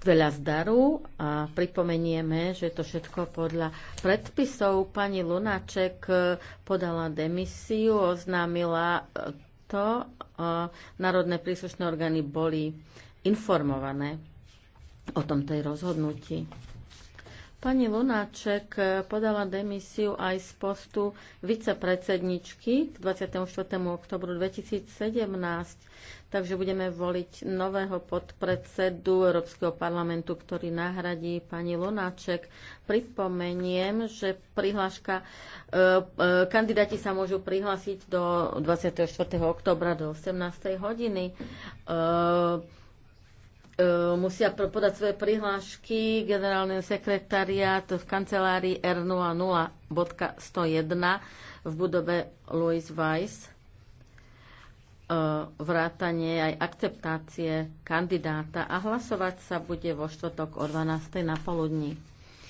veľa zdaru a pripomenieme, že to všetko podľa predpisov pani Lunaček eh, podala demisiu, oznámila eh, to, eh, národné príslušné orgány boli informované o tomto rozhodnutí. Pani Lunáček eh, podala demisiu aj z postu vicepredsedničky k 24. oktobru 2017, takže budeme voliť nového podpredsedu Európskeho parlamentu, ktorý nahradí pani Lunáček. Pripomeniem, že prihláška, eh, eh, kandidáti sa môžu prihlásiť do 24. oktobra do 18. hodiny musia podať svoje prihlášky generálneho sekretariat v kancelárii R00.101 v budove Louis Weiss e, vrátanie aj akceptácie kandidáta a hlasovať sa bude vo štvrtok o 12.00 na poludní.